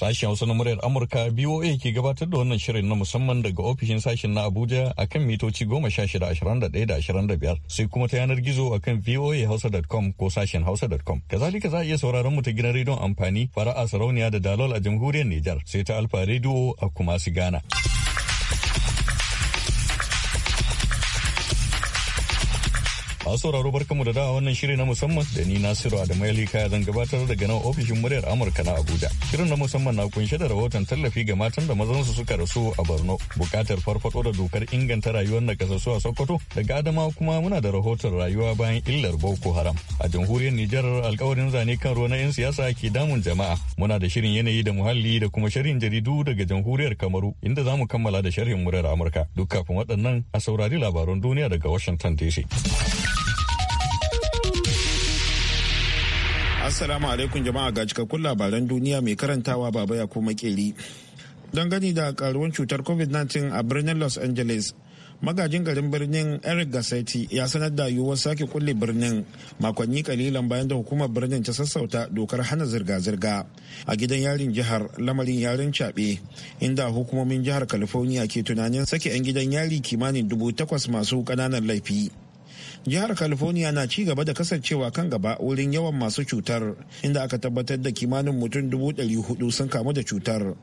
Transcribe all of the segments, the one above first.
Sashen Hausa na muryar Amurka BOA ke gabatar da wannan shirin na musamman daga ofishin sashen na Abuja akan mitoci goma sha shida ashirin da ɗaya biyar sai kuma ta yanar gizo akan voahausa.com ko sashen hausa.com. Kazalika za a iya sauraron mu ta gidan rediyon amfani fara'a sarauniya da dalol a jamhuriyar Nijar sai ta Alfa rediyo a kuma sigana. Masu sauraro barkamu da da wannan shiri na musamman da ni Nasiru Adamu kaya zan gabatar daga nan ofishin muryar Amurka na Abuja. Shirin na musamman na kunshe da rahoton tallafi ga matan da mazan su suka rasu a Borno. Bukatar farfado da dokar inganta rayuwar na kasassu a Sokoto daga Adama kuma muna da rahoton rayuwa bayan illar Boko Haram. A jamhuriyar Nijar alkawarin zane kan ruwa na 'yan siyasa ke damun jama'a. Muna da shirin yanayi da muhalli da kuma shirin jaridu daga jamhuriyar Kamaru inda za mu kammala da sharhin muryar Amurka. Duk kafin waɗannan a saurari labaran duniya daga Washington DC. Assalamu alaikum jama'a ga cikakkun labaran duniya mai karantawa baba ya kuma keri. Dangane da karuwan cutar COVID-19 a birnin Los Angeles, magajin garin birnin Eric Gassetti ya sanar da yiwuwar sake kulle birnin makonni kalilan bayan da hukumar birnin ta sassauta dokar hana zirga-zirga a gidan yarin jihar lamarin yarin caɓe inda hukumomin jihar California ke tunanin sake 'yan gidan yari kimanin dubu takwas masu ƙananan laifi. jihar california na ci gaba da kasancewa kan gaba wurin yawan masu cutar inda aka tabbatar da kimanin mutum dubu hudu sun kamu da cutar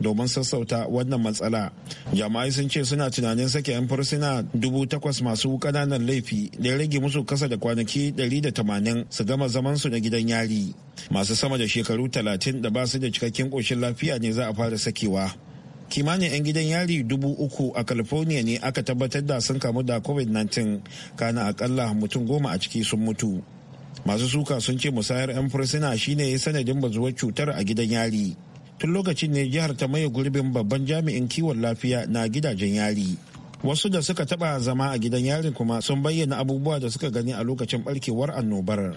domin sassauta wannan matsala jama'ai sun ce suna tunanin sake 'yan fursuna dubu takwas masu kananan laifi da ya rage musu kasa da kwanaki tamanin su gama zaman su na gidan yari masu sama da shekaru talatin da basu da cikakken koshin lafiya ne za a fara sakewa kimanin 'yan gidan yari dubu uku a california ne aka tabbatar da sun kamu da covid-19 kana akalla mutum goma a ciki sun mutu masu suka sun ce musayar 'yan fursuna shine sanadin bazuwar cutar a gidan yari tun lokacin ne jihar ta maye gurbin babban jami'in kiwon lafiya na gidajen yari wasu da suka taba zama a gidan yarin kuma sun bayyana abubuwa da suka gani a lokacin barkewar annobar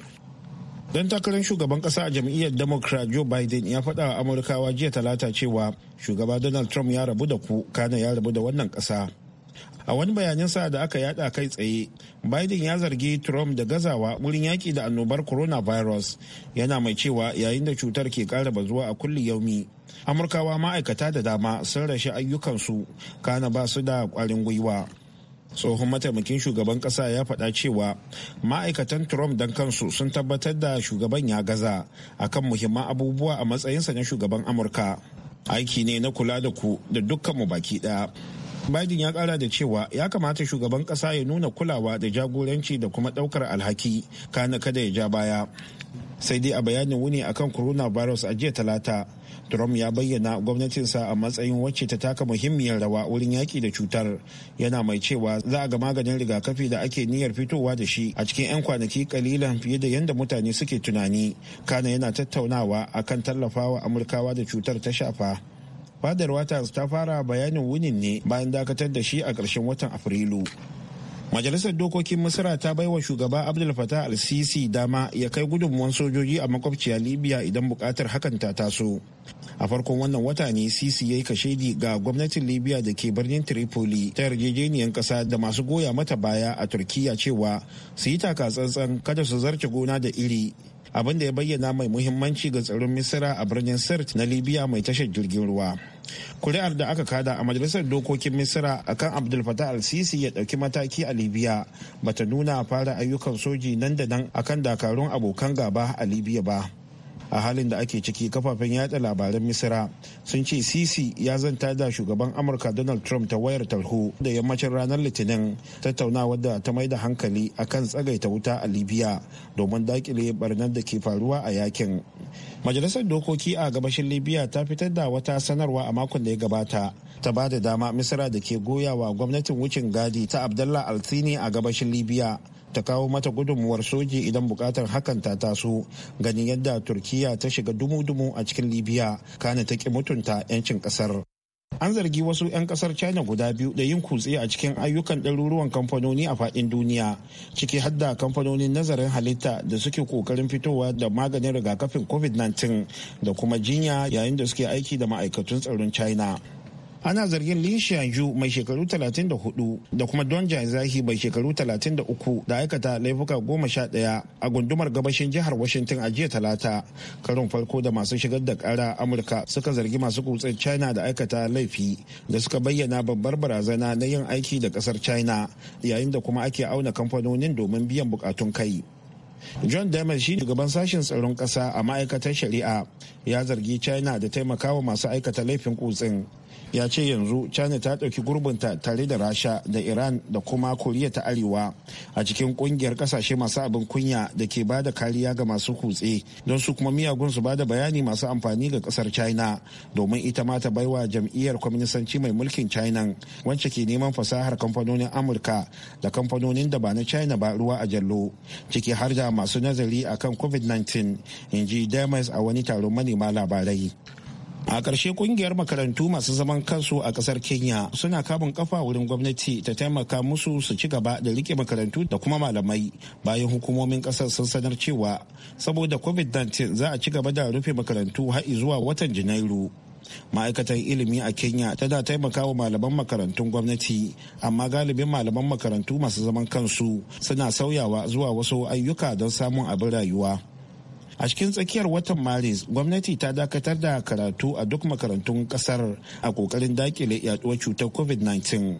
don takarar shugaban kasa a jam'iyyar democrat joe biden ya faɗa wa amurkawa jiya talata cewa shugaba donald trump ya rabu da ku kana ya rabu da wannan ƙasa a wani bayanin sa da aka yada kai tsaye biden ya zargi trump da gazawa wurin yaki da annobar coronavirus yana mai cewa yayin da cutar ke kara bazuwa a kulli yaumi amurkawa ma'aikata da dama sun rashe ayyukansu kana ba su da kwarin gwiwa tsohon mataimakin shugaban kasa ya faɗa cewa ma'aikatan trump don kansu sun tabbatar da shugaban ya gaza akan muhimman abubuwa a matsayinsa na shugaban amurka aiki ne na kula da ku da dukkan mu baki ɗaya Biden ya ƙara da cewa ya kamata shugaban ƙasa ya nuna kulawa da jagoranci da kuma ɗaukar alhaki kana kada ya ja baya. Sai dai a bayanin wuni akan coronavirus a jiya talata Trump ya bayyana gwamnatinsa a matsayin wacce ta taka muhimmiyar rawa wurin yaƙi da cutar yana mai cewa za a ga maganin rigakafi da ake niyyar fitowa da shi a cikin 'yan kwanaki kalilan fiye da yadda mutane suke tunani kana yana tattaunawa a tallafa tallafawa amurkawa da cutar ta shafa fadar waters ta fara bayanin wunin ne bayan dakatar da shi a ƙarshen watan afrilu majalisar dokokin misira ta baiwa shugaba abdul fatah al-sisi dama ya kai gudunmuwan sojoji a makwabciya libya idan bukatar hakan ta taso a farkon wannan wata ne sisi ya yi kashedi ga gwamnatin libya da ke birnin tripoli ta yarjejeniyar ƙasa da masu goya mata baya a Turkiyya cewa su yi taka tsantsan kada su zarce gona da iri abin da ya bayyana mai muhimmanci ga tsaron misira a birnin sirt na libya mai tashar jirgin ruwa kuri'ar da aka kada a majalisar dokokin misira akan abdul fatah al-sisi ya dauki mataki a libya bata nuna fara ayyukan soji nan da nan akan dakarun abokan gaba a libya ba a halin da ake ciki kafafen yada labaran misira sun ce sisi ya zanta da shugaban amurka donald trump ta wayar talho da yammacin ranar litinin tattaunawar da ta mai da hankali akan tsagaita wuta a libya domin dakile barnar da ke faruwa a yakin majalisar dokoki a gabashin libya ta fitar da wata sanarwa a makon da ya gabata ta ba da dama misira da ke goyawa gwamnatin wucin gadi ta abdallah altini a gabashin libya ta kawo mata gudunmuwar soji idan bukatar hakan ta taso ganin yadda turkiya ta shiga dumu-dumu a cikin libya kana ta ki mutunta 'yancin kasar an zargi wasu 'yan kasar china guda biyu da yin kutse a cikin ayyukan ɗaruruwan kamfanoni a faɗin duniya ciki hadda kamfanonin nazarin halitta da suke ƙoƙarin fitowa da maganin rigakafin covid-19 da kuma jinya yayin da suke aiki da ma'aikatun tsaron china ana zargin lin yu mai shekaru 34 da kuma don zahi mai shekaru 33 da aikata laifuka 11 a gundumar gabashin jihar washington a jiya talata karin farko da masu shigar da kara amurka suka zargi masu kutsen china da aikata laifi da suka bayyana babbar barazana na yin aiki da kasar china yayin da kuma ake auna kamfanonin domin biyan bukatun kai john damar shi shugaban sashen tsaron kasa a ma'aikatar shari'a ya zargi china da taimakawa masu aikata laifin kutsen ya ce yanzu china ta ɗauki gurbinta tare da rasha da iran da kuma koriya ta arewa a cikin kungiyar kasashe masu abin kunya da ke ba da kariya ga masu kutse don su kuma miyagun su ba da bayani masu amfani ga kasar china domin ita ma ta baiwa jam'iyyar kwaminisanci mai mulkin china wacce ke neman fasahar kamfanonin amurka da kamfanonin da ba na china ba ruwa a jallo ciki har da masu nazari akan covid-19 in ji damas a wani taron manema labarai a ƙarshe kungiyar makarantu masu zaman kansu a ƙasar kenya suna kamun kafa wurin gwamnati ta taimaka musu su ci gaba da rike makarantu da kuma malamai bayan hukumomin ƙasar sun sanar cewa saboda covid-19 za a ci gaba da rufe makarantu har zuwa watan janairu ma'aikatan ilimi a kenya tana da taimaka wa malaman makarantun gwamnati amma galibin malaman makarantu masu zaman kansu suna sauyawa zuwa wasu ayyuka don samun abin rayuwa a cikin tsakiyar watan maris gwamnati ta dakatar da karatu a duk makarantun kasar a kokarin dakile yaduwar cutar covid-19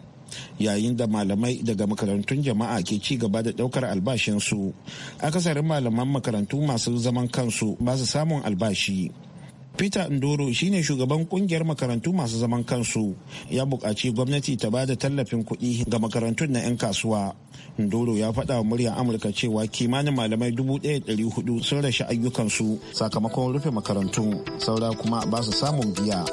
yayin da malamai daga makarantun jama'a ke ci gaba da daukar albashinsu akasarin malaman makarantu masu zaman kansu ba su samun albashi peter ndoro shine shugaban kungiyar makarantu masu zaman kansu ya buƙaci gwamnati ta ba da tallafin kuɗi ga makarantun na 'yan kasuwa ndoro ya faɗa wa muryar amurka cewa kimanin malamai 1,400 sun rashe ayyukansu sakamakon rufe makarantu saura kuma ba su samun biya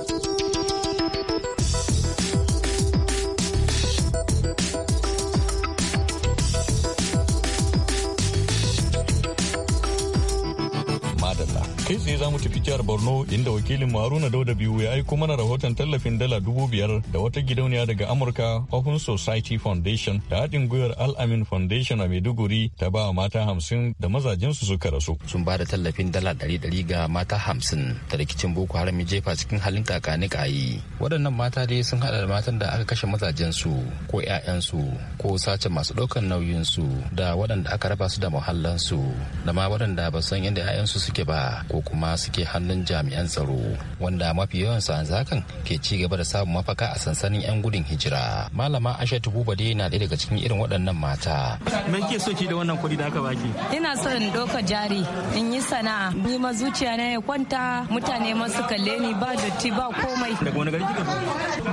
nufi jihar borno inda wakilin haruna dauda biyu ya aiko mana rahoton tallafin dala dubu biyar da wata gidauniya daga amurka open society foundation da haɗin gwiwar al'amin foundation a maiduguri ta ba mata hamsin da mazajensu suka rasu sun ba da tallafin dala ɗari ɗari ga mata hamsin da rikicin boko haram jefa cikin halin kakani kayi waɗannan mata dai sun haɗa da matan da aka kashe mazajensu ko 'ya'yansu ko sace masu ɗaukar su da waɗanda aka raba su da muhallansu da ma waɗanda ba su san inda 'ya'yansu suke ba ko kuma suke ke hannun jami'an tsaro wanda mafi yawansu yanzu zakan ke ci gaba da samun mafaka a sansanin 'yan gudun hijira malama asha tubu bade na ɗaya daga cikin irin waɗannan mata me ke so ki da wannan kuɗi da aka baki ina son doka jari in yi sana'a ni ma zuciya na ya kwanta mutane ma su kalle ni ba datti ba komai daga wani gari kika zo?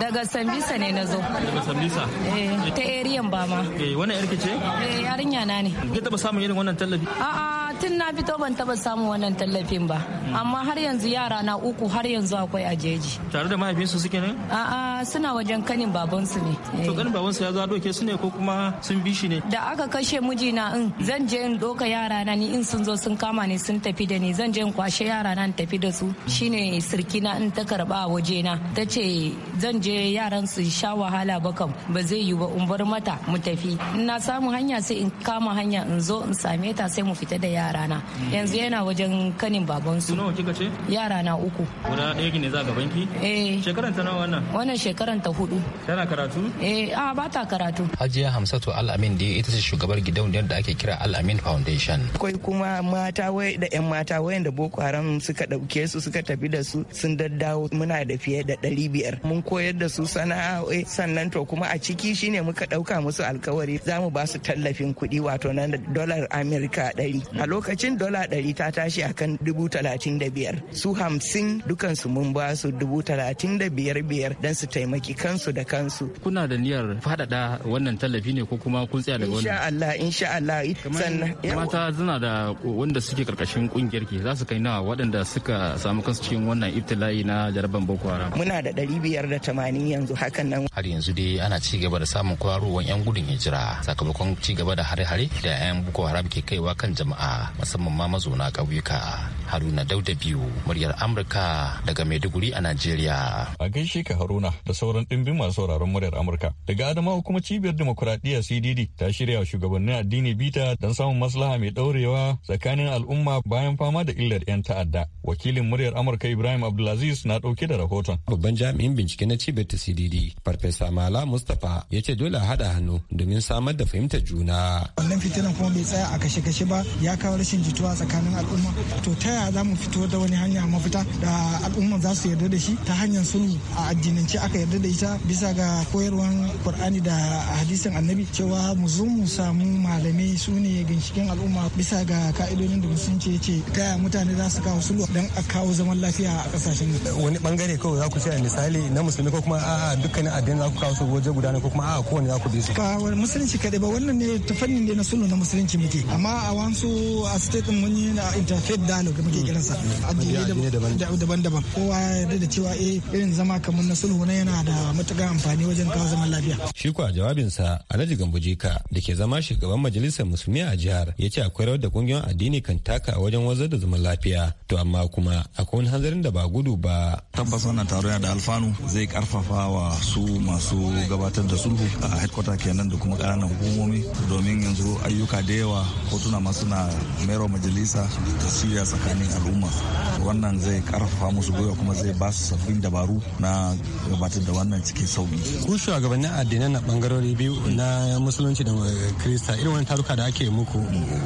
daga sambisa ne na zo daga sambisa eh ta eriyan ba ma eh wannan yarki ce eh yarinya na ne ki taba samun irin wannan tallafi a'a tun na fito ban taba samun wannan tallafin ba amma har yanzu yara na uku har yanzu akwai a jeji tare da mahaifinsu suke ne? a'a suna wajen kanin babansu ne to eh. kanin babansu ya zo doke su ne ko kuma sun bi shi ne da aka kashe mijina in zan je in doka yara na ni in sun zo sun kama ni sun tafi da ni zan je in kwashe yara na tafi da su shine sirkina in ta karba a waje na ta ce zan je yaran su sha wahala ba kam ba zai yi ba in bar mata mu tafi in na samu hanya sai in kama hanya in zo in same ta sai mu fita da yara yarana yanzu yana wajen kanin babansu nawa kika ce yara na uku guda ɗaya ne za gaban ki eh shekaran ta nawa wannan wannan shekaran ta hudu tana karatu eh a ba ta karatu hajiya hamsatu al-amin da ita ce shugabar gidauniyar da ake kira al-amin foundation akwai kuma mata wai da yan mata wayanda boko haram suka dauke su suka tafi da su sun daddawo muna da fiye da ɗari biyar mun koyar da su sana'o'i sannan to kuma a ciki shine muka dauka musu alkawari za mu ba su tallafin kuɗi wato nan da dolar amerika ɗari a lokacin dola ɗari ta tashi a kan dubu talatin da biyar su hamsin dukansu mun ba su dubu talatin da biyar biyar don su taimaki kansu da kansu. Kuna da niyyar faɗaɗa wannan tallafi ne ko kuma kun tsaya daga wannan? Insha Allah insha Allah. Sannan mata suna da wanda suke karkashin kungiyar ki za su kai nawa waɗanda suka samu kansu cikin wannan ibtila'i na jaraban Boko Haram. Muna da ɗari biyar da tamanin yanzu hakan nan. Har yanzu dai ana ci gaba da samun kwararruwan 'yan gudun hijira sakamakon ci gaba da hare-hare da 'yan Boko Haram ke kaiwa kan jama'a musamman ma mazauna ƙauyuka haruna dauda biyu muryar amurka daga maiduguri a najeriya a gaishe ka haruna da sauran ɗimbin masu sauraron muryar amurka daga adama kuma cibiyar demokuraɗiyya cdd ta shirya wa shugabannin addini bita don samun maslaha mai ɗaurewa tsakanin al'umma bayan fama da illar 'yan ta'adda wakilin muryar amurka ibrahim abdulaziz na ɗauke da rahoton babban jami'in bincike na cibiyar ta cdd farfesa mala mustapha ya ce dole a haɗa hannu domin samar da fahimtar juna wannan fitinan kuma bai tsaya a kashe-kashe ba ya kawo rashin jituwa tsakanin al'umma to ta yaya za mu fito da wani hanya mafita da al'umma za su yarda da shi ta hanyar sulhu a addinance aka yarda da ita bisa ga koyarwan qur'ani da hadisin annabi cewa mu zo mu samu malamai su ne ginshikin al'umma bisa ga ka'idodin da sun ce ce yaya mutane za su kawo sulhu don a kawo zaman lafiya a kasashen wani bangare kawai za ku ce misali na musulmi ko kuma a'a dukkanin addini za ku kawo su waje guda ne ko kuma a'a kowane za ku bi su ba musulunci kadai ba wannan ne ta fannin ne na sulhu na musulunci muke amma a wasu a state mun yi interfaith dialogue ake kiransa daban-daban kowa ya da cewa eh irin zama kamar na sulhu na yana da matuƙar amfani wajen kawo zaman lafiya shi kuwa jawabinsa alhaji gambujika da ke zama shugaban majalisar musulmi a jihar ya ce akwai rawar da kungiyoyin addini kan taka wajen wazar da zaman lafiya to amma kuma akwai wani hanzarin da ba gudu ba tabbas wannan taro yana da alfanu zai karfafa wa su masu gabatar da sulhu a headquarter kenan da kuma ƙananan hukumomi domin yanzu ayyuka da yawa hotuna masu na mero majalisa da shirya tsakanin al'umma wannan zai karfafa musu gwiwa kuma zai ba su sabbin dabaru na gabatar da wannan cikin sauki ku shugabannin addinai na bangarori biyu na musulunci da krista irin wani taruka da ake muku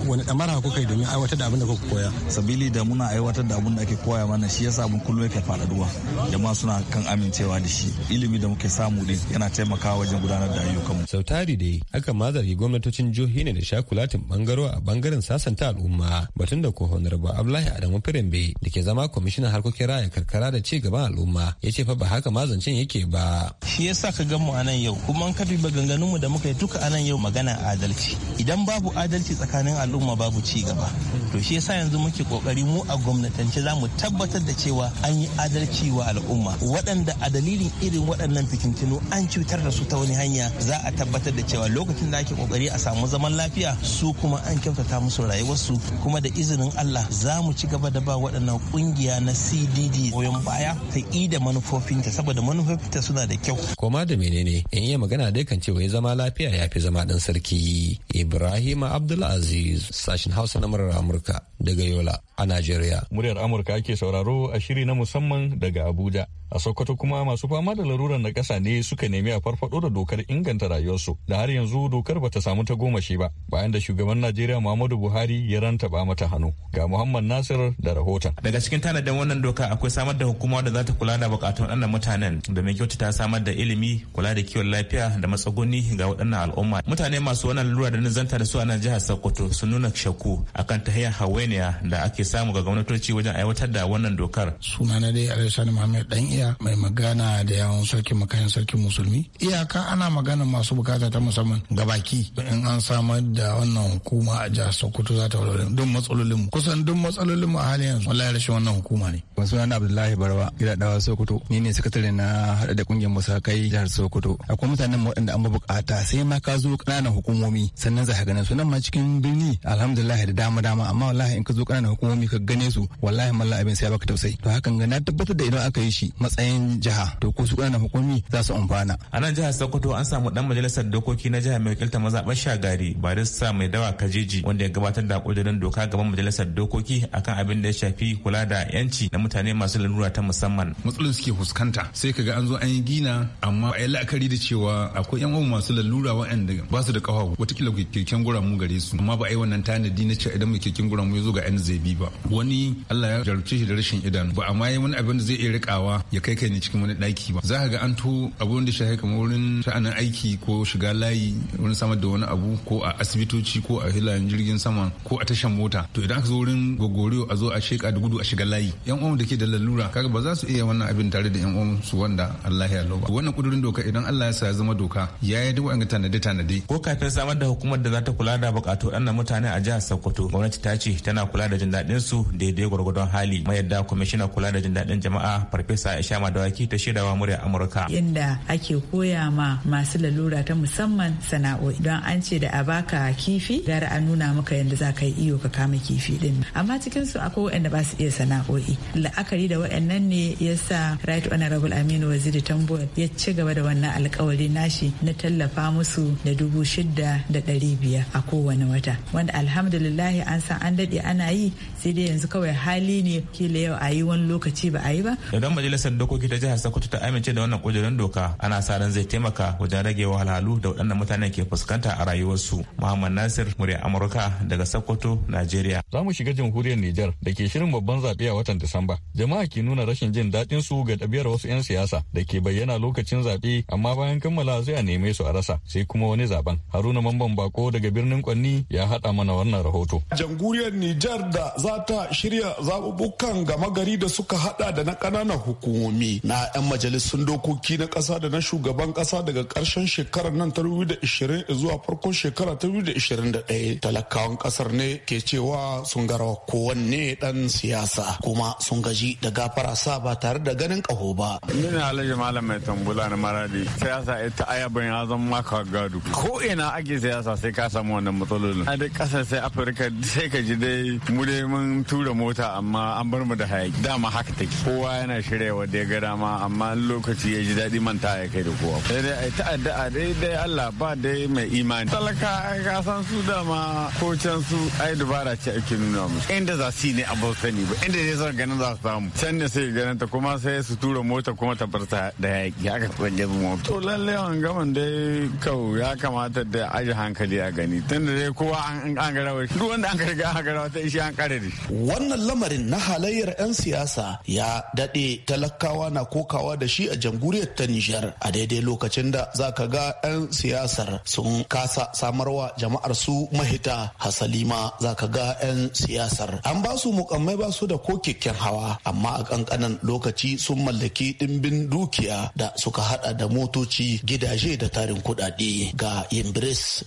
wani damar haku kai domin aiwatar da abin da kuka koya sabili da muna aiwatar da abin da ake koya mana shi yasa mun kullum yake faɗaɗuwa jama'a suna kan amincewa da shi ilimi da muke samu din yana taimakawa wajen gudanar da ayyukanmu sau tari dai aka mazargi gwamnatocin jihohi ne da shakulatin bangaro a bangaren sasanta al'umma batun da ko honorable abdullahi Adamu Firimbe da ke zama kwamishinan harkokin raya karkara da ci gaban al'umma ya ce fa ba haka ma mazancin yake ba. Shi ya sa ka gan mu a nan yau kuma an kafi duba ganganun mu da muka yi duka a nan yau magana adalci. Idan babu adalci tsakanin al'umma babu ci gaba. To shi ya sa yanzu muke kokari mu a gwamnatance za mu tabbatar da cewa an yi adalci wa al'umma waɗanda a dalilin irin waɗannan fitintinu an cutar da su ta wani hanya za a tabbatar da cewa lokacin da ake kokari a samu zaman lafiya su kuma an kyautata musu rayuwarsu kuma da izinin Allah za mu ci ci gaba da ba waɗannan kungiya na cdd goyon baya ta ida manufofinta saboda manufofinta suna da kyau koma da menene in iya magana dai kan cewa ya zama lafiya ya fi zama ɗan sarki ibrahima abdulaziz sashen hausa na murar amurka daga yola a Najeriya. Muryar Amurka ake sauraro a shiri na musamman daga Abuja. A Sokoto kuma masu fama da larurar na ƙasa ne suka nemi a farfado da dokar inganta rayuwarsu da har yanzu dokar bata samu ta goma shi ba bayan da shugaban Najeriya Muhammadu Buhari ya ranta ba mata hannu. Ga Muhammad Nasir da rahoton. Daga cikin tanadin wannan doka akwai samar da hukuma da za ta kula da bukatun waɗannan mutanen domin ta samar da ilimi, kula da kiwon lafiya da matsuguni ga waɗannan al'umma. Mutane masu wannan lura da nizanta da su a nan jihar Sokoto sun nuna shakku akan ta hanyar hawainiya da ake samu ga gwamnatoci wajen aiwatar da wannan dokar sunana dai alhassani muhammad dan iya mai magana da yawon sarki makayan sarki musulmi iyaka ana magana masu bukata ta musamman ga baki in an samar da wannan hukuma a jihar sokoto za ta walwala duk matsalolin mu kusan duk matsalolin mu a halin yanzu wallahi rashin wannan hukuma ne sunana abdullahi barawa gida dawa sokoto ni ne sakatare na hada da kungiyar musakai jihar sokoto akwai mutanen mu waɗanda an bukata sai ma ka zo ƙananan hukumomi sannan za ka ganin sunan ma cikin birni alhamdulillah da dama dama amma wallahi in ka zo ƙananan hukumomi economy ka gane su wallahi mallan abin sai baka tausayi to hakan ga na tabbatar da idan aka yi shi matsayin jiha to ko su kana hukumi za su amfana a nan jihar Sokoto an samu dan majalisar dokoki na jihar mai wakilta mazaɓar shagari barista mai dawa kajeji wanda ya gabatar da kudirin doka gaban majalisar dokoki akan abin da ya shafi kula da yanci na mutane masu lalura ta musamman matsalolin suke fuskanta sai kaga an zo an yi gina amma a yi la'akari da cewa akwai yan uwa masu lalura waɗanda ba su da kafa watakila keken guramu gare su amma ba a yi wannan tanadi na cewa idan mai keken guramu ya zo ga yan zai ba ba wani Allah ya jarumce shi da rashin idanu ba amma yi wani abin da zai iya rikawa ya kai kai ne cikin wani daki ba za ka ga an to abun da shahe kamar wurin sha'anin aiki ko shiga layi wani samar da wani abu ko a asibitoci ko a hilayen jirgin sama ko a tashan mota to idan aka zo wurin gogoriyo a zo a sheka da gudu a shiga layi yan uwan da ke da lalura kaga ba za su iya wannan abin tare da yan uwan su wanda Allah ya ba wannan kudurin doka idan Allah ya sa ya zama doka ya yi duk ga tanade tanade ko kafin samar da hukumar da za ta kula da bukatu annan mutane a jihar Sokoto gwamnati ta ce tana kula da jin daɗin su daidai gwargwadon hali mai yadda kwamishina kula da jin daɗin jama'a farfesa isha madawaki ta shaidawa murya amurka inda ake koya ma masu lalura ta musamman sana'o'i don an ce da a baka kifi gara a nuna maka yadda za ka yi iyo ka kama kifi din amma cikin su akwai waɗanda ba su iya sana'o'i la'akari da waɗannan ne ya yasa right honorable aminu waziri tambo ya ci gaba da wannan alkawari nashi na tallafa musu da dubu shida da ɗari biyar a kowane wata wanda alhamdulillahi an san an daɗe ana yi sai dai yanzu kawai hali ne ke da yau a yi wani lokaci ba a yi ba idan majalisar dokoki ta jihar sokoto ta amince da wannan kujerun doka ana sa ran zai taimaka wajen rage wahalhalu da waɗannan mutanen ke fuskanta a rayuwarsu muhammad nasir murya amurka daga sokoto najeriya za mu shiga jamhuriyar nijar da ke shirin babban zaɓe a watan disamba jama'a ke nuna rashin jin daɗin su ga ɗabi'ar wasu 'yan siyasa da ke bayyana lokacin zaɓe amma bayan kammala sai a neme su a rasa sai kuma wani zaben haruna mamban bako daga birnin kwanni ya haɗa mana wannan rahoto jamhuriyar nijar da za za ta shirya zaɓuɓɓukan gama gari da suka hada da na ƙananan hukumomi na 'yan majalisun dokoki na ƙasa da na shugaban ƙasa daga ƙarshen shekarar nan ta 2020 zuwa farkon shekara ta 2021 talakawan ƙasar ne ke cewa sun garawa kowanne ɗan siyasa kuma sun gaji da gafara sa ba tare da ganin ƙaho ba. Ni na alhaji malam mai tambula na maradi siyasa ita ayaban ya zama maka gado ko ina ake siyasa sai ka samu wannan matsalolin. A duk ƙasar sai Afirka sai ka ji dai mu dai mun an tura mota amma an bar mu da hayaki dama haka take kowa yana shirya da ya ga dama amma lokaci ya ji daɗi manta ya kai da kowa sai dai ai ta'adda a dai dai Allah ba dai mai imani talaka ai ka san su dama ko can su ai dubara ce ake nuna musu inda za su ne abin sani ba inda dai zan ganin za su samu can ne sai ganin ta kuma sai su tura mota kuma ta bar ta da hayaki haka ta zage mota to lalle gaman dai kau ya kamata da aji hankali a gani tunda dai kowa an an garawa duk wanda an karga an ta ishi an kare Wannan lamarin na halayyar 'yan siyasa ya daɗe talakawa na kokawa da shi a jamhuriyar ta Nijar a daidai lokacin da za ka ga 'yan siyasar sun kasa samarwa jama'ar su mahita hasalima za ka ga 'yan siyasar. An ba su mukammai ba su da ko keken hawa amma a kankanan lokaci sun mallaki ɗimbin dukiya da suka haɗa da motoci gidaje da tarin kuɗaɗe ga yin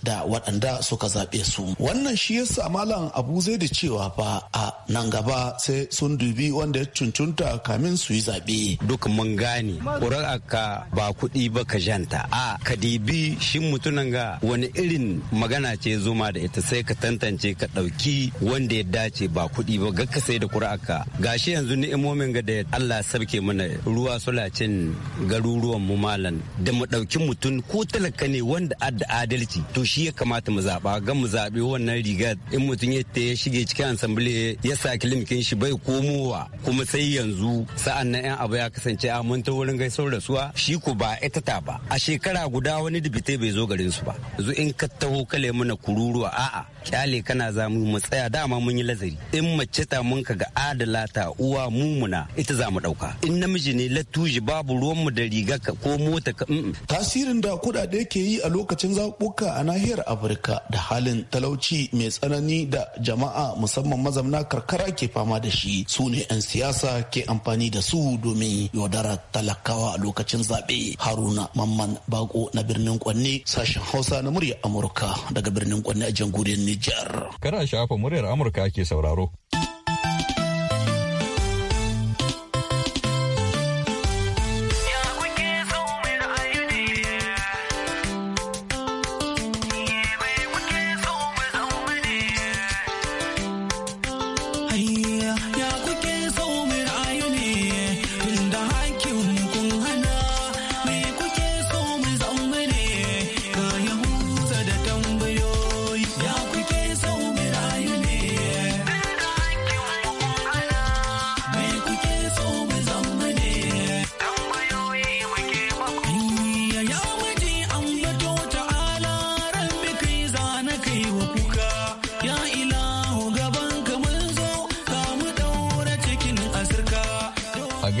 da waɗanda suka zaɓe su. Wannan shi yasa malam Abu zai da cewa ba. a nan gaba sai sun dubi wanda ya cuncunta kamin su yi zaɓe. Duk mun gane ƙuri'ar ka ba kuɗi ba ka janta a ka dibi shin mutunan ga wani irin magana ce zuma da ita sai ka tantance ka ɗauki wanda ya dace ba kuɗi ba ga ka sai da ƙuri'ar ka gashi yanzu ni'imomin ga da Allah sabke mana ruwa sulacin garuruwan mu malam da mu ɗauki mutum ko talaka ne wanda adda adalci to shi ya kamata mu zaɓa ga mu zaɓi wannan rigar in mutum ya shige cikin ansambile ya sa kilimikin shi bai komowa kuma sai yanzu sa'an nan yan abu ya kasance a munta wurin wurin gaisuwar rasuwa shi ku ba ita ta ba a shekara guda wani dubite bai zo garin su ba zu in ka taho kale mana kururuwa a'a kyale kana za mu mu tsaya dama mun yi lazari in mace ta mun ka ga adala ta uwa mumuna ita za mu dauka in namiji ne latuji babu ruwan mu da riga ko mota ka tasirin da kudade ke yi a lokacin zabuka a nahiyar Afirka da halin talauci mai tsanani da jama'a musamman mazaunan na karkara ke fama da shi su ne 'yan siyasa ke amfani da su domin yaudara talakawa a lokacin zaɓe haruna mamman bako na birnin kwanne sashen hausa na murya amurka daga birnin kwanne a jamhuriyar nijar kana shafa muryar amurka ke sauraro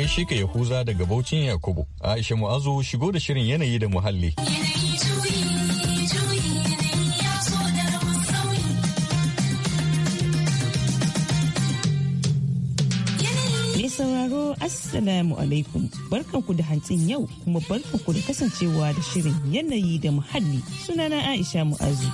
gaishe ka Yahuza daga Baucin Yakubu. Aisha Mu'azu shigo da shirin yanayi da muhalli. sauraro assalamu alaikum barkanku da hantsin yau kuma barkanku da kasancewa da shirin yanayi da muhalli suna na aisha mu'azu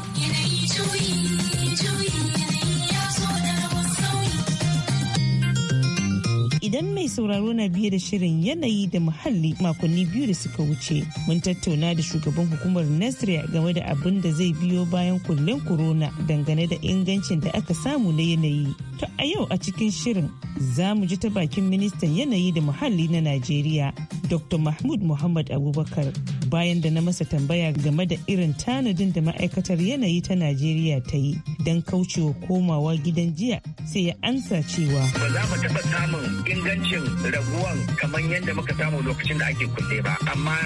idan mai sauraro na biye da shirin yanayi da muhalli makonni biyu da suka wuce mun tattauna da shugaban hukumar nasriya game da abin da zai biyo bayan kullen corona dangane da ingancin da aka samu na yanayi to a yau a cikin shirin za mu ji ta bakin ministan yanayi da muhalli na najeriya dr mahmud muhammad abubakar bayan da na masa tambaya game da irin tanadin da ma'aikatar yanayi ta najeriya ta yi don kaucewa komawa gidan jiya sai ya ansa cewa ba za mu taɓa samun inganci rashin raguwan kamar yadda muka samu lokacin da ake kulle ba amma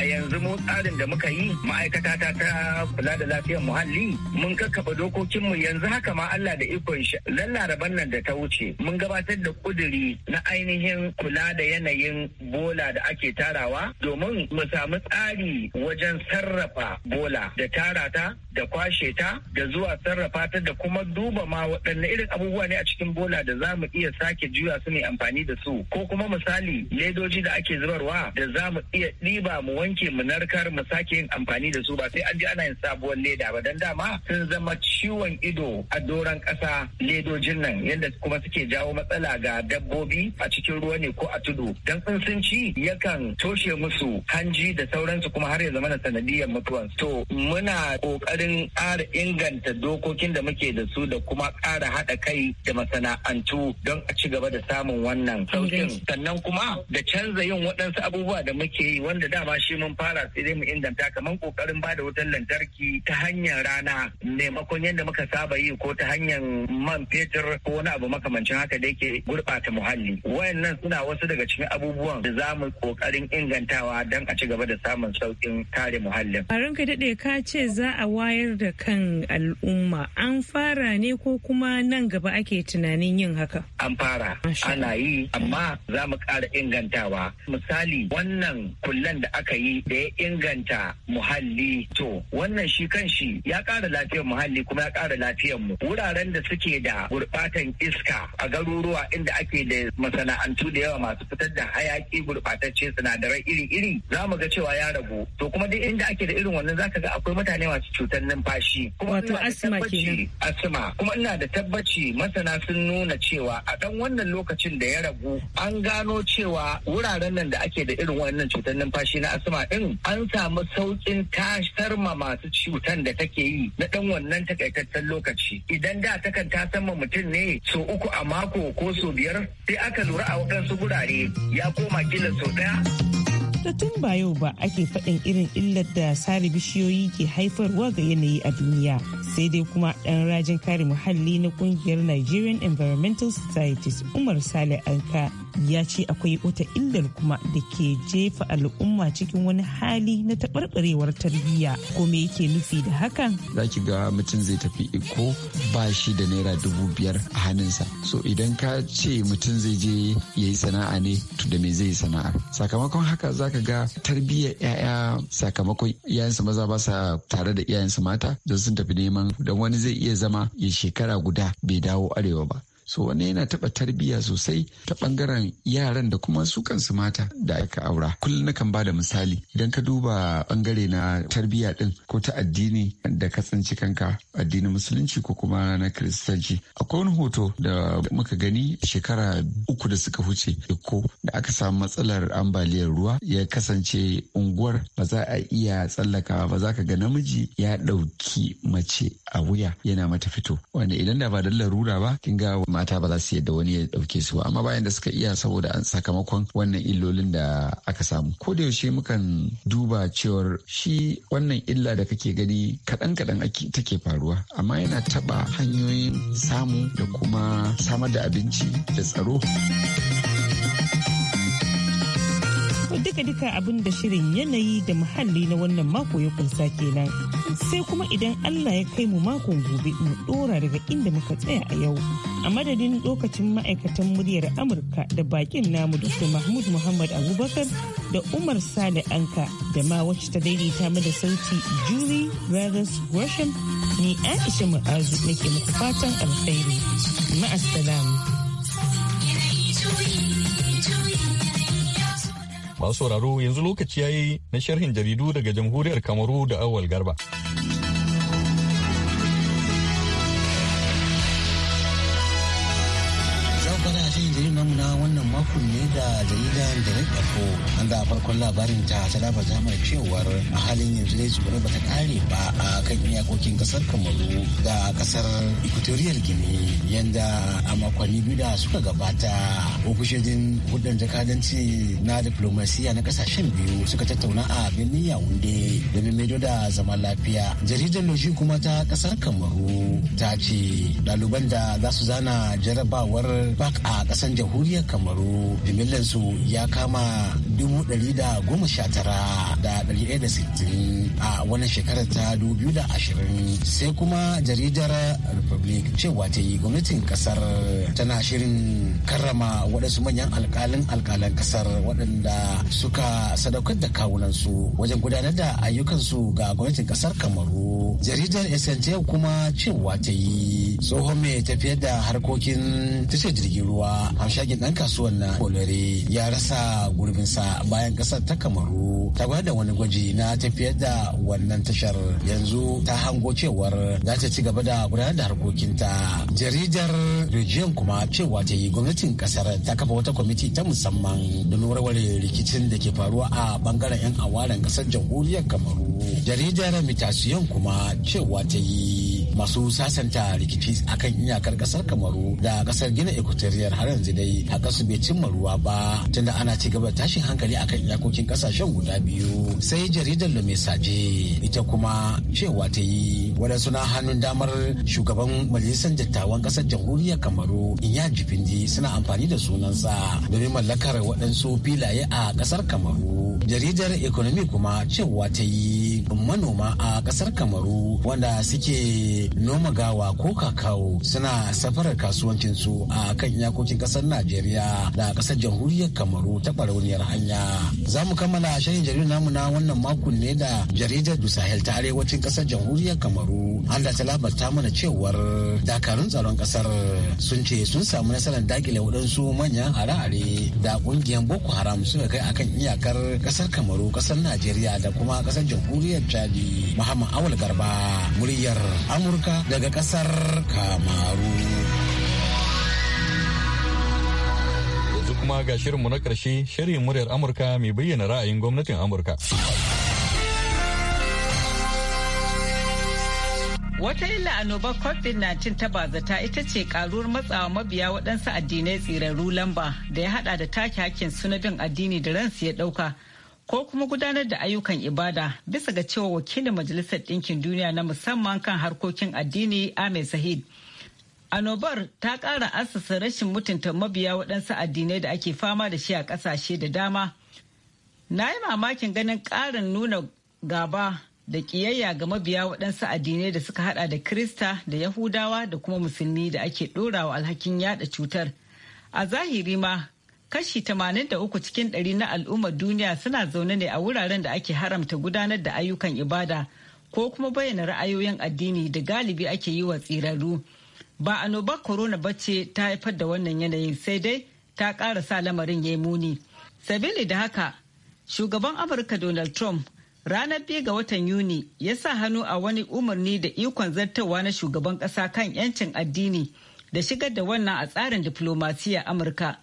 a yanzu mu tsarin da muka yi ma'aikata ta kula da lafiyar muhalli mun kakkaba dokokinmu yanzu haka ma Allah da ikon shi lallaraban nan da ta wuce mun gabatar da kuduri na ainihin kula da yanayin bola da ake tarawa domin mu samu tsari wajen sarrafa bola da tarata da kwashe ta da zuwa sarrafa ta da kuma duba ma waɗanne irin abubuwa ne a cikin bola da za mu iya sake juya su ne amfani da su ko kuma misali ledoji da ake zubarwa da za mu iya ɗiba mu wanke mu narkar mu sake yin amfani da su ba sai an ji ana yin sabuwar leda ba dan dama sun zama ciwon ido a doran ƙasa ledojin nan yadda kuma suke jawo matsala ga dabbobi a cikin ruwa ne ko a tudu dan in sun ci yakan toshe musu hanji da sauransu kuma har ya zama na sanadiyar mutuwan to muna ƙoƙarin ƙara inganta dokokin da muke da su da kuma ƙara haɗa kai da masana'antu don a ci gaba da samun wannan sannan kuma da canza yin waɗansu abubuwa da muke yi wanda dama shi mun fara sai dai mu inganta kamar kokarin ba da wutar lantarki ta hanyar rana maimakon yadda muka saba yi ko ta hanyar man fetur ko wani abu makamancin haka da yake gurɓata muhalli wayannan suna wasu daga cikin abubuwan da za mu kokarin ingantawa don a ci gaba da samun sauƙin kare muhallin. a ranka daɗe ka ce za a wayar da kan al'umma an fara ne ko kuma nan gaba ake tunanin yin haka an fara ana yi amma amma za mu ƙara ingantawa misali wannan kullen da aka yi da ya inganta muhalli to wannan shi kan shi ya ƙara lafiyar muhalli kuma ya ƙara lafiyar mu wuraren da suke da gurɓatan iska a garuruwa inda ake da masana'antu da yawa masu fitar da hayaki gurɓatacce sinadarai iri-iri za mu ga cewa ya ragu to kuma duk inda ake da irin wannan zaka ga akwai mutane masu cutar numfashi wato asma kenan asma kuma ina da tabbaci masana sun nuna cewa a dan wannan lokacin da ya ragu an gano cewa wuraren nan da ake da irin wannan cutar numfashi na asma din an samu saukin tashar ma masu cutar da take yi na dan wannan takaitaccen lokaci idan da takan ma mutum ne so uku a mako ko so biyar sai aka lura a waɗansu gurare ya koma kila sau ɗaya. da tun ba yau ba ake faɗin irin illar da sare bishiyoyi ke haifarwa ga yanayi a duniya sai dai kuma ɗan rajin kare muhalli na ƙungiyar nigerian environmental societies umar sale anka ya ce akwai wata illar kuma da ke jefa al'umma cikin wani hali na taɓarɓarewar tarbiyya ko me yake nufi da hakan za ki ga mutum zai tafi iko ba shi da naira dubu biyar a hannunsa so idan ka ce mutum zai je ya yi sana'a ne to da me zai yi sana'a sakamakon haka za za ka ga tarbiyyar 'ya'ya sakamakon iyayensu maza ba sa tare da iyayensu mata don sun tafi neman don wani zai iya zama ya shekara guda bai dawo arewa ba so wani yana taɓa tarbiyya sosai ta ɓangaren yaran da kuma su kansu mata da aka aura kullum nakan ba da misali idan ka duba ɓangare na tarbiyya ɗin ko ta addini da ka tsinci kanka addinin musulunci ko kuma na kiristanci akwai wani hoto da muka gani shekara uku da suka huce ko da aka samu matsalar ambaliyar ruwa ya kasance unguwar ba za a iya tsallaka ba za ka ga namiji ya ɗauki mace a wuya yana mata fito wanda idan da ba da larura ba kin ga mata ba za su yadda wani ya dauke su amma bayan da suka iya saboda sakamakon wannan illolin da aka samu ko da yaushe mukan duba cewar shi wannan illa da kake gani kadan kaɗan take faruwa amma yana taɓa hanyoyin samu da kuma samar da abinci da tsaro. duka-duka abin da shirin yanayi da muhalli na wannan mako ya kunsa kenan sai kuma idan allah ya kai mu makon gobe mu dora daga inda muka tsaya a yau a madadin lokacin ma'aikatan muryar amurka da bakin namu dr mahmud muhammad abubakar da umar sale anka da ma wacce ta daidaita mu sauti julie brothers gresham ni aisha mu'azu nake muku fatan alkhairi ma'assalam masu sauraro yanzu lokaci ya yi na sharhin jaridu daga jamhuriyar kamaru da awal garba makon ne da jaridar da na ɗafo an da farkon labarin ta ta dafa zamar cewar a halin yanzu dai ba ta kare ba a kan iyakokin kasar kamaru da kasar equatorial guinea yanda a makonni biyu da suka gabata ofishojin hudun jakadanci na diplomasiya na kasashen biyu suka tattauna a birnin yawunde domin maido da zaman lafiya jaridar loji kuma ta kasar kamaru ta ce ɗaliban da za su zana jarabawar bak a ƙasar jamhuriyar kamaru su ya kama dubu ɗari da goma sha tara da ɗari da sittin a wannan shekarar ta dubu da ashirin sai kuma jaridar republic cewa ta yi gwamnatin kasar tana shirin karrama waɗansu manyan alƙalin alƙalan kasar waɗanda suka sadaukar da kawunansu wajen gudanar da ayyukansu ga gwamnatin ƙasar kamaru jaridar snj kuma cewa ta yi tsohon mai tafiyar da harkokin tashar jirgin ruwa amshagin ɗan kasuwan na olore ya rasa gurbinsa bayan kasar ta kamaru ta gwada wani gwaji na tafiyar da wannan tashar yanzu ta hango cewar za ta ci gaba da gudanar da harkokinta jaridar rijiyan kuma cewa ta yi gwamnatin kasar ta kafa wata kwamiti ta musamman don warware rikicin da ke faruwa a bangaren 'yan awaren kasar jamhuriyar kamaru jaridar mitasiyon kuma cewa ta yi masu sasanta rikici akan iyakar kasar kamaru da kasar gina equatorial har yanzu dai haka su bai cimma ruwa ba tunda ana ci gaba tashin hankali akan iyakokin kasashen guda biyu sai jaridar lume saje ita kuma cewa ta yi wadda na hannun damar shugaban majalisar dattawan kasar jamhuriyar kamaru in inya jifindi suna amfani da sunansa domin mallakar waɗansu filaye a kasar kamaru jaridar economy kuma cewa ta yi manoma a kasar kamaru wanda suke noma gawa ko kakao suna safarar kasuwancinsu a kan iyakokin kasar najeriya da kasar jamhuriyar kamaru ta barauniyar hanya za mu kammala shirin jaridar namu na wannan makon ne da jaridar du sahel ta arewacin kasar jamhuriyar kamaru allah ta labarta mana cewar dakarun tsaron kasar sun ce sun samu nasarar dakile waɗansu manyan hare-hare da ƙungiyar boko haram suka kai akan iyakar kasar kamaru kasar najeriya da kuma kasar jamhuriyar jamhuriyar Chadi Muhammad Awul Garba muryar Amurka daga kasar Kamaru. Yanzu kuma ga shirinmu na ƙarshe shirin muryar Amurka mai bayyana ra'ayin gwamnatin Amurka. Wata illa annobar COVID-19 ta bazata ita ce karuwar matsawa mabiya waɗansu addinai tsirarru lamba da ya hada da take hakkin sunadin addini da ransu ya ɗauka. ko kuma gudanar da ayyukan ibada bisa ga cewa wakilin majalisar ɗinkin duniya na musamman kan harkokin addini ahmed sahid Anobar ta ƙara asasa rashin mutunta mabiya waɗansu addinai da ake fama da shi a ƙasashe da dama na yi mamakin ganin ƙarin nuna gaba da ƙiyayya ga mabiya waɗansu addinai da suka hada da krista da yahudawa da kuma musulmi da ake ɗorawa alhakin yada cutar a zahiri ma kashi 83 cikin ɗari na al'ummar duniya suna zaune ne a wuraren da ake haramta gudanar da ayyukan ibada ko kuma bayyana ra'ayoyin addini da galibi ake yi wa tsirarru. Ba a annobar corona ba ce ta haifar da wannan yanayin sai dai ta ƙara sa lamarin ya muni. Sabili da haka, shugaban Amurka Donald Trump ranar biyu ga watan Yuni ya sa hannu a wani umarni da ikon zartawa na shugaban ƙasa kan 'yancin addini da shigar da wannan a tsarin diflomasiyyar Amurka.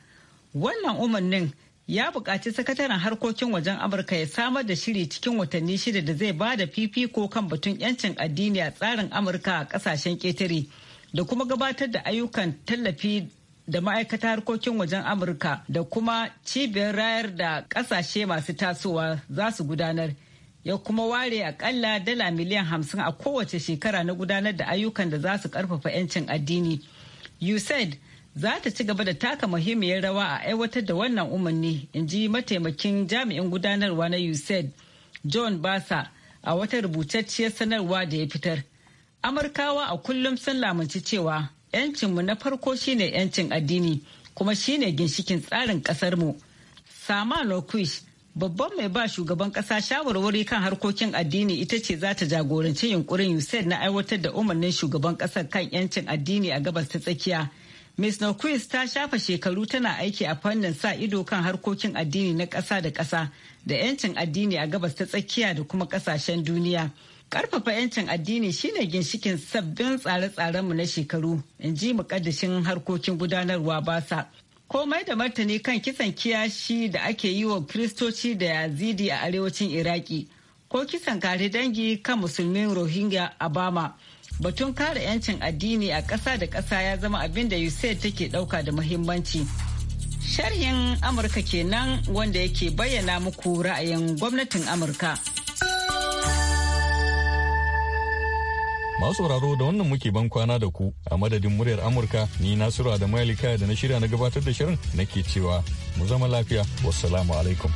Wannan umarnin ya buƙaci sakataren harkokin wajen Amurka ya samar da shiri cikin watanni shida da zai ba da fifiko kan batun 'yancin addini a tsarin Amurka a ƙasashen ƙetare da kuma gabatar da ayyukan tallafi da ma'aikata harkokin wajen Amurka da kuma cibiyar rayar da ƙasashe masu tasowa za su gudanar. ya kuma ware akalla dala miliyan hamsin a kowace shekara na gudanar da ayyukan da za su ƙarfafa 'yancin addini. USAID za ta ci gaba da taka muhimmiyar rawa a aiwatar da wannan umarni in ji mataimakin jami'in gudanarwa na usaid john basa a wata rubutacciyar sanarwa da ya fitar amurkawa a kullum sun lamunci cewa 'yancinmu na farko shine 'yancin addini kuma shine ginshikin tsarin ƙasarmu sama lokuish babban mai ba shugaban ƙasa shawarwari kan harkokin addini ita ce za ta jagoranci yunkurin usaid na aiwatar da umarnin shugaban ƙasar kan 'yancin addini a gabas ta tsakiya Ms. Norquist ta shafa shekaru tana aiki a fannin sa ido kan harkokin addini na ƙasa da ƙasa da 'yancin addini a gabas ta tsakiya da kuma ƙasashen duniya. karfafa 'yancin addini shine ginshikin sabbin tsare-tsarenmu na shekaru, in ji muƙaddashin harkokin gudanarwa basa. Komai da martani kan kisan kiyashi da ake yi wa Kiristoci da Yazidi a arewacin Iraki, ko kisan kare dangi kan musulmin Rohingya a Bama. batun kare 'yancin addini a ƙasa da ƙasa ya zama abin da USAID take ɗauka da muhimmanci. Sharhin Amurka kenan wanda yake bayyana muku ra'ayin gwamnatin Amurka. Masu sauraro da wannan muke ban kwana da ku a madadin muryar Amurka ni Nasiru da Malika da na shirya na gabatar da shirin nake cewa mu zama lafiya wassalamu alaikum.